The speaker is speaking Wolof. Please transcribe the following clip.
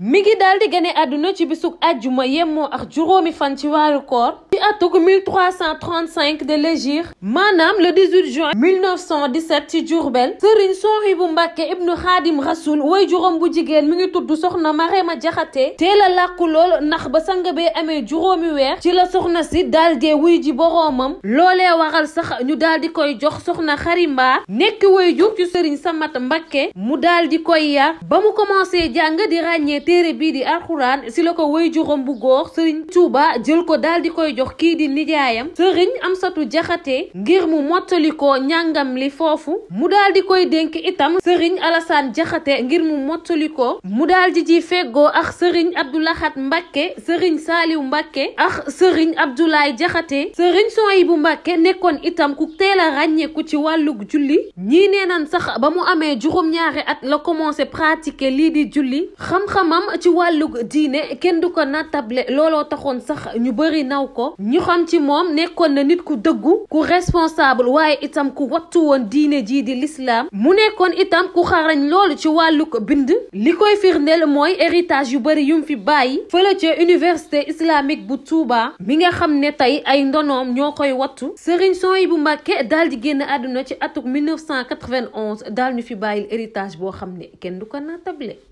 mi ngi daal di gane àdduna ci bisug àjjuma yemmoo ak juróomi fan ci waaru koor atuk 1335 de l'hégire maanaam le 18 juin 1917 ci Diourbel Serigne Souhaïbou Mbacké ibnu Xaadim Rasoul way juróom bu jigéen mu ngi tudd soxna ma Jaxate teel a làkku lool ndax ba sang bee amee juróomi weer ci la soxna si daal dee wuy ji boroomam loolee waral sax ñu daal di koy jox soxna Xarimba nekk way jur ci sa Samat Mbacké mu daal di koy yar ba mu commencé jàng di ràññee téere bii di alxuraan si la ko way juróom bu góor Serigne Touba jël ko daal di koy jox kii di nijaayam sëriñ Amsatu Jaxate ngir mu mottali njàngam li foofu mu daal di koy dénk itam sëriñ Alassane Jaxate ngir mu mottali mu daal di ci feggoo ak sëriñ Abdoulahat Mbacke sëriñ Saaliw Mbacke ak sëriñ Abdoulaye Jaxate sëriñ bu Mbacke nekkoon itam ku teel a ràññeeku ci wàllug julli ñii nee nan sax ba mu amee juróom-ñaari at la commencé pratiquer lii di julli xam-xamam ci wàllug diine kenn du ko nattable looloo taxoon sax ñu bëri naw ko ñu xam ci moom nekkoon na nit ku dëggu ku responsable waaye itam ku wattu woon diine jii di lislaam mu nekkoon itam ku xarañ loolu ci wàllu ko bind li koy firndeel mooy héritage yu bëri yum fi bàyyi fële ca université islamique bu Touba mi nga xam ne tey ay ndonoom ñoo koy wattu Serigne bu Mbacké daal di génn àdduna ci atuk 1991 daal ñu fi bàyyil héritage boo xam ne kenn du ko naatable